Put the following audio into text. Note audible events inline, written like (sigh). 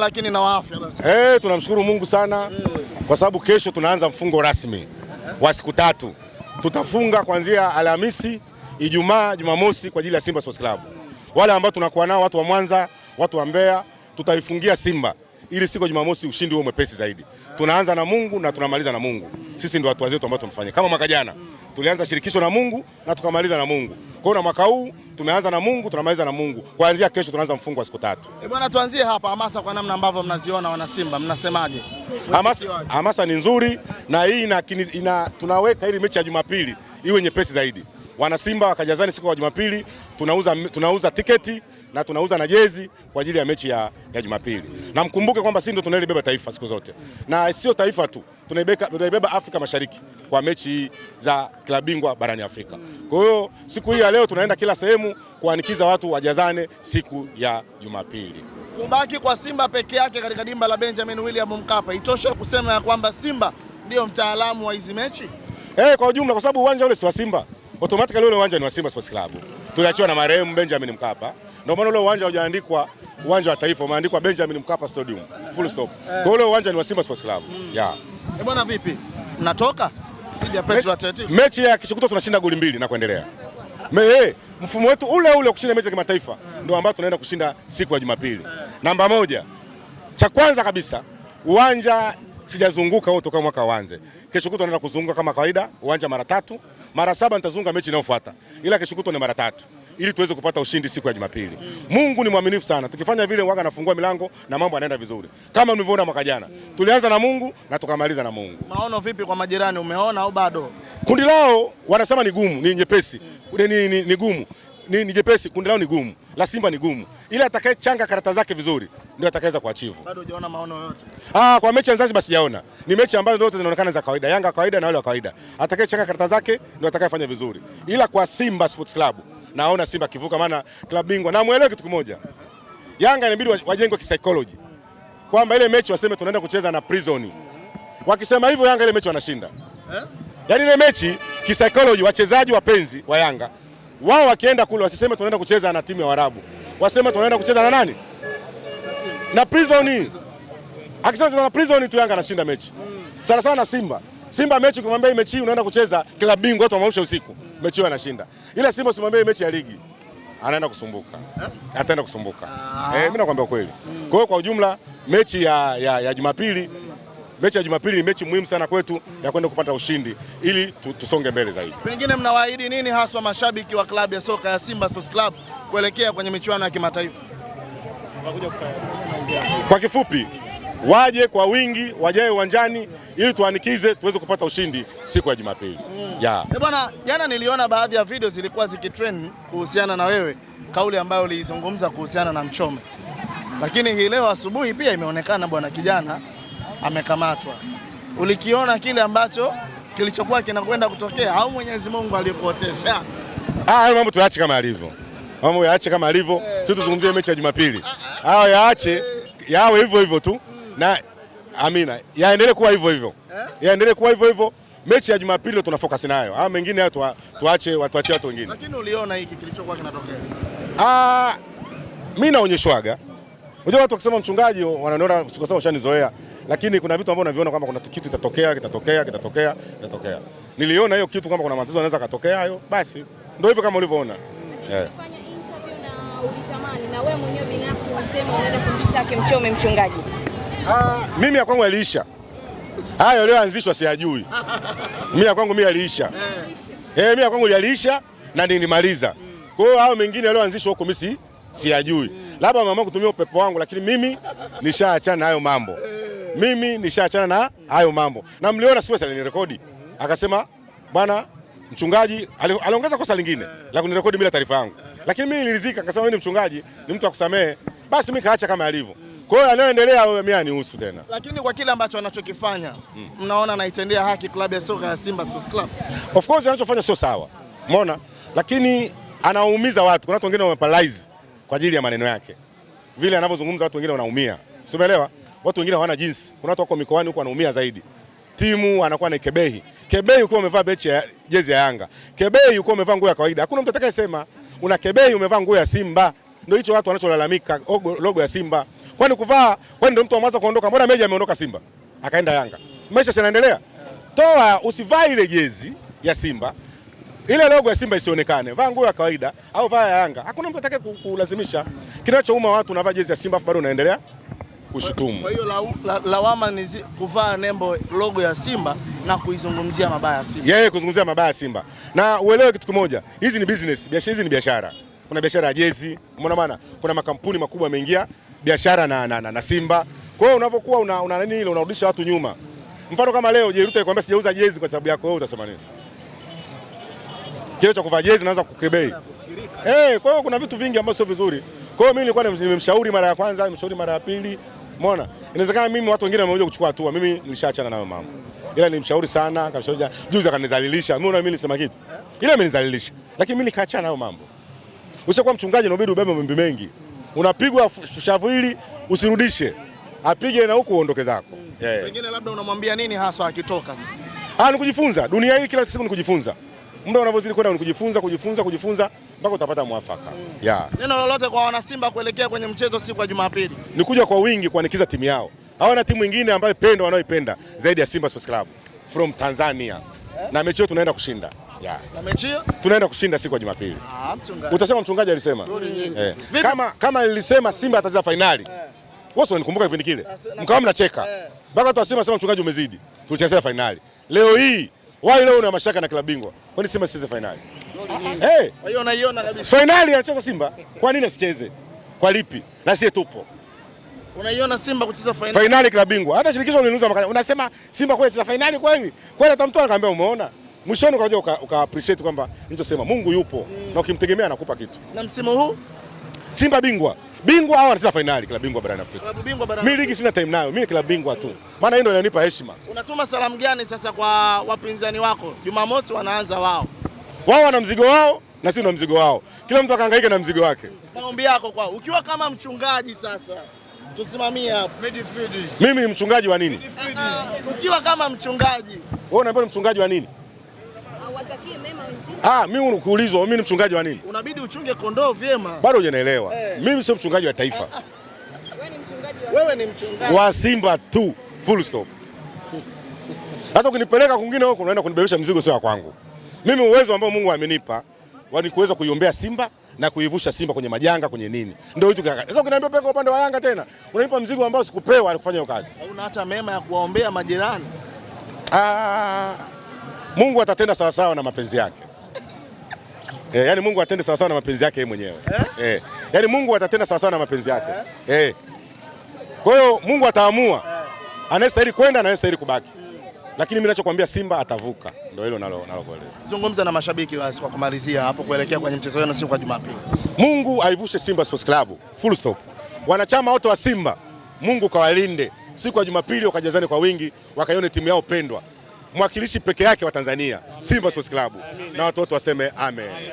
lakini na waafya hey, eh, tunamshukuru Mungu sana hmm. kwa sababu kesho tunaanza mfungo rasmi wa siku tatu, tutafunga kuanzia Alhamisi, Ijumaa, Jumamosi kwa ajili ya Simba Sports Club. Wale ambao tunakuwa nao watu wa Mwanza, watu wa Mbeya, tutaifungia Simba ili siku ya Jumamosi ushindi huo mwepesi zaidi. Tunaanza na Mungu na tunamaliza na Mungu. Sisi ndio watu wazetu ambao tumfanyia kama mwaka jana Tulianza shirikisho na Mungu na tukamaliza na Mungu. Kwa hiyo na mwaka huu tumeanza na Mungu, tunamaliza na Mungu. Kuanzia kesho tunaanza mfungo wa siku tatu. E bwana, tuanzie hapa hamasa, kwa namna ambavyo mnaziona wana Simba, mnasemaje? Hamasa, hamasa ni nzuri na hii ina, ina tunaweka ili mechi ya Jumapili iwe nyepesi zaidi. Wanasimba wakajazani siku ya Jumapili, tunauza, tunauza tiketi na tunauza na jezi kwa ajili ya mechi ya, ya Jumapili. Na mkumbuke kwamba sisi ndio tunalibeba taifa siku zote, na sio taifa tu, tunaibeba Afrika Mashariki kwa mechi za klabu bingwa barani Afrika. Kwa hiyo siku hii ya leo tunaenda kila sehemu kuanikiza watu wajazane siku ya Jumapili. Kubaki kwa Simba peke yake katika dimba la Benjamin William Mkapa, itosha kusema ya kwamba Simba ndiyo mtaalamu wa hizi mechi eh, kwa ujumla, kwa sababu uwanja ule si wa Simba automatically ule uwanja ni wa Simba Sports Club, tuliachiwa na marehemu Benjamin Mkapa. Ndio maana ule uwanja hujaandikwa uwanja wa taifa, umeandikwa Benjamin Mkapa Stadium, full stop. Eh. Kwa ule uwanja ni wa Simba Sports Club. Mm. Yeah. Eh, bwana vipi? Mnatoka? ya Petro Atletico. Mechi ya kishukuto tunashinda goli mbili na kuendelea. Me, hey, eh, mfumo wetu ule ule wa kushinda mechi za kimataifa eh. ndio ambao tunaenda kushinda siku ya Jumapili. Namba moja, cha kwanza kabisa uwanja sijazunguka wote toka mwaka uanze. Kesho kutwa tunaenda kuzunguka kama kawaida uwanja mara tatu mara saba nitazunga mechi inayofuata, ila kishukuto ni mara tatu ili tuweze kupata ushindi siku ya Jumapili. Mungu ni mwaminifu sana. Tukifanya vile waga anafungua milango na mambo yanaenda vizuri. Kama mlivyoona mwaka jana. Tulianza na Mungu na tukamaliza na Mungu. Maono vipi kwa majirani umeona au bado? Kundi lao wanasema ni gumu, ni nyepesi. ni, Ni, ni, ni gumu. Ni, ni jepesi, kundi lao ni gumu. La Simba ni gumu. Ila atakayechanga karata zake vizuri ndio atakaweza kuachivu. Bado hujaona maono yote. Ah, kwa mechi za Zanzibar sijaona. Ni mechi ambazo zote zinaonekana za kawaida. Yanga kawaida na wale wa kawaida. Atakayechanga karata zake ndio atakayefanya vizuri. Ila kwa Simba Sports Club naona Simba kivuka, maana klabu bingwa. Na muelewe kitu kimoja. Yanga inabidi wajengwe kisaikoloji. Kwamba ile mechi waseme tunaenda kucheza na Prison. Wakisema hivyo Yanga ile mechi wanashinda. Eh? Yaani ile mechi kisaikoloji wachezaji wapenzi wa Yanga wao wakienda kule wasiseme tunaenda kucheza na timu ya Waarabu. Wasema tunaenda kucheza na nani? na Prison akisema na Prison tu Yanga anashinda mechi sana sana. Simba Simba mechi kumwambia mechi unaenda kucheza kila bingwa, watu wameamsha usiku, mechi anashinda. Ila Simba simwambia mechi ya ligi anaenda kusumbuka, ataenda kusumbuka. Ah. Eh, mimi nakwambia kweli. Kwa hiyo kwa ujumla mechi ya, ya, ya Jumapili mechi ya Jumapili ni mechi muhimu sana kwetu ya kwenda kupata ushindi ili tusonge mbele zaidi. Pengine mnawaahidi nini haswa mashabiki wa klabu ya soka ya Simba Sports Club kuelekea kwenye michuano ya kimataifa? Kwa kifupi, waje kwa wingi, wajae uwanjani ili tuanikize tuweze kupata ushindi siku ya Jumapili. Mm. Yeah. Bwana, jana niliona baadhi ya video zilikuwa zikitrend kuhusiana na wewe, kauli ambayo uliizungumza kuhusiana na Mchome, lakini hii leo asubuhi pia imeonekana bwana kijana amekamatwa. Ulikiona kile ambacho kilichokuwa kinakwenda kutokea au Mwenyezi Mungu alikuotesha? Ah, hayo mambo tuache kama alivyo, mambo yaache kama alivyo, hey. Eh. Tutuzungumzie mechi ya Jumapili. Ah, ah hao yaache yawe hivyo hivyo tu na amina, yaendelee kuwa hivyo hivyo eh? yaendelee kuwa hivyo hivyo mechi ya Jumapili ndo tunafocus nayo, haya mengine hayo tuwa, tuache watuachie watu wengine. Lakini uliona hiki kilichokuwa kinatokea, ah, mimi naonyeshwaga. Unajua watu wakisema mchungaji wananiona kwa ushanizoea, lakini kuna vitu ambavyo unaviona kama kuna kitu kitatokea kitatokea kitatokea kitatokea. Niliona hiyo kitu kama kuna matatizo yanaweza katokea hayo, basi ndio hivyo kama ulivyoona yeah. Mm ulitamani na wewe mwenyewe binafsi unasema unaenda kumshtaki Mchome mchungaji? Ah, mimi ya kwangu yaliisha hayo yaliyoanzishwa siyajui. (laughs) Mimi ya kwangu mimi aliisha eh, mimi ya kwangu yaliisha na nilimaliza. Kwa hiyo hao mengine yaliyoanzishwa huko mimi siyajui, labda mama kutumia upepo wangu, lakini mimi nishaachana na hayo mambo. Eh. Mimi nishaachana na hayo mambo, na mliona siku ile nirekodi, akasema bwana mchungaji aliongeza kosa lingine la kunirekodi bila taarifa yangu, lakini mimi nilizika, akasema wewe ni mchungaji, ni mtu akusamee, basi mimi kaacha kama alivyo. Kwa hiyo anayoendelea wewe mimi anihusu tena, lakini kwa kile ambacho anachokifanya mnaona anaitendea haki klabu ya soka ya Simba Sports Club. Of course anachofanya sio sawa, umeona, lakini anaumiza watu. Kuna watu wengine wameparalyze kwa ajili ya maneno yake, vile anavyozungumza watu wengine wanaumia, umeelewa? Watu wengine hawana jinsi. Kuna watu wako mikoani huko wanaumia zaidi, timu anakuwa na kebehi Kebei ukiwa umevaa bechi ya jezi ya Yanga, Kebei ukiwa umevaa nguo ya kawaida, hakuna mtu atakayesema. Una Kebei umevaa nguo ya Simba, ndio hicho watu wanacholalamika, logo ya Simba. Kwani kuvaa, kwani ndio mtu wa mwanzo kuondoka? Mbona Meja ameondoka Simba akaenda Yanga, maisha yanaendelea. Toa, usivaa ile jezi ya Simba, ile logo ya Simba isionekane, vaa nguo ya kawaida au vaa ya Yanga. Hakuna mtu atakaye kulazimisha. Kinachouma watu unavaa jezi ya Simba afu bado unaendelea kushutumu. Kwa hiyo lawama la, la ni kuvaa nembo logo ya Simba na kuizungumzia mabaya ya Simba, yeye yeah, kuzungumzia mabaya ya Simba. Na uelewe kitu kimoja, hizi ni business, biashara hizi ni biashara. Kuna biashara ya jezi, umeona maana? kuna makampuni makubwa yameingia biashara na, na, na, na Simba. Kwa hiyo unavyokuwa una, una nini ile unarudisha watu nyuma. Mfano kama leo Jeruta akikwambia sijauza jezi kwa sababu yako wewe utasema nini? Kile cha kuvaa jezi naanza kukebei. Eh, hey, kwa hiyo kuna vitu vingi ambavyo sio vizuri. Kwa hiyo mimi nilikuwa nimemshauri mara ya kwanza, nimemshauri mara ya pili, Umeona? Inawezekana mimi watu wengine wamekuja kuchukua hatua, mimi nishaachana nayo mambo. Ila nilimshauri sana, kamshauri juzi akanizalilisha. Mimi na mimi nilisema kitu. Ila amenizalilisha. Lakini mimi nikaachana nayo mambo. Ushakuwa mchungaji na ubidi ubebe mambo mengi. Unapigwa shavu hili usirudishe. Apige na huku uondoke zako. Pengine labda unamwambia nini hasa akitoka sasa? Ah, ni kujifunza. Dunia hii kila siku ni kujifunza muda unavyozidi kwenda kujifunza kujifunza kujifunza mpaka utapata mwafaka. Mm. Yeah. Neno lolote kwa wanasimba kuelekea kwenye mchezo siku ya Jumapili ni kuja kwa wingi kuanikiza timu yao, hawana timu nyingine ambayo pendo wanaoipenda zaidi ya Simba Sports Club from Tanzania eh? na mechi hiyo tunaenda kushinda Yeah. Na mechi tunaenda kushinda siku ya Jumapili. Ah, mchungaji. Utasema mchungaji alisema. Eh. Kama kama nilisema Simba atacheza finali. Eh. Wewe unanikumbuka kipindi kile. Ah, Mkawa mnacheka. Eh. Mpaka eh, tu asema sema mchungaji umezidi. Tulichezea finali. Leo hii wao leo una mashaka na klabu bingwa. Kwani Simba sicheze fainali? Hey, fainali anacheza Simba, kwa nini asicheze? Kwa lipi? Na sie tupo. Unaiona Simba kucheza fainali? Fainali klabu bingwa. Hata shirikisho liliuliza makanya. Unasema Simba kweli cheza fainali kweli? Kweli hata mtu anakaambia umeona? Mwishoni ukaja uka, uka appreciate kwamba nilichosema Mungu yupo mm. na ukimtegemea anakupa kitu. Na msimu huu Simba bingwa bingwa au anacheza fainali klabu bingwa barani Afrika. Klabu bingwa barani. Mimi ligi sina time nayo, mimi klabu bingwa tu, maana hiyo ndio inanipa heshima. Unatuma salamu gani sasa kwa wapinzani wako? Jumamosi wanaanza wao, wao wana mzigo wao na sisi tuna mzigo wao, kila mtu akahangaika na mzigo wake. Maombi yako kwa ukiwa kama mchungaji sasa, tusimamie hapo. Midfield. Mimi ni mchungaji wa nini? Ukiwa kama mchungaji, wewe unaambia mchungaji wa nini? Ah, mimi ukiulizwa mimi ni mchungaji wa nini? Unabidi uchunge kondoo vyema. Bado hujanielewa. Hey. Eh. Mimi sio mchungaji wa taifa. (laughs) Wewe ni mchungaji wa Wewe ni mchungaji. Wa Simba tu. Full stop. Hata ukinipeleka kwingine huko unaenda kunibebesha mzigo sio kwangu. Mimi uwezo ambao Mungu amenipa wa ni kuweza kuiombea Simba na kuivusha Simba kwenye majanga kwenye nini. Ndio hicho kaka. Sasa ukiniambia peka upande wa Yanga tena, unanipa mzigo ambao sikupewa alikufanya hiyo kazi. Hauna hata mema ya kuwaombea majirani. Ah. Mungu atatenda sawasawa na mapenzi yake. Eh, yani Mungu atende sawasawa na mapenzi yake yeye mwenyewe eh? Eh, yani Mungu atatenda sawasawa na mapenzi yake eh? Eh. Kwa hiyo Mungu ataamua eh. anayestahili kwenda na anayestahili kubaki Lakini mimi ninachokuambia Simba atavuka, ndio hilo nalokueleza. Zungumza na mashabiki basi kwa kumalizia hapo, kuelekea kwenye mchezo wenu siku ya Jumapili. Mungu aivushe Simba Sports Club full stop. Wanachama wote wa Simba Mungu kawalinde siku ya Jumapili, wakajazane kwa wingi, wakaione timu yao pendwa mwakilishi peke yake wa Tanzania Simba Sports Club, na watoto waseme amen.